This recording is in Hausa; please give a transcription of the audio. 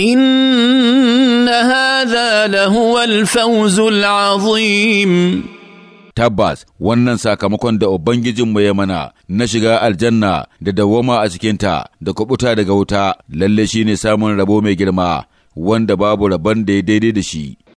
إن هذا لهو الفوز العظيم tabbas wannan sakamakon da Ubangijinmu ya mana na shiga aljanna da dawoma a cikinta da kubuta daga wuta lalle shine samun rabo mai girma wanda babu rabon da ya daidai da shi.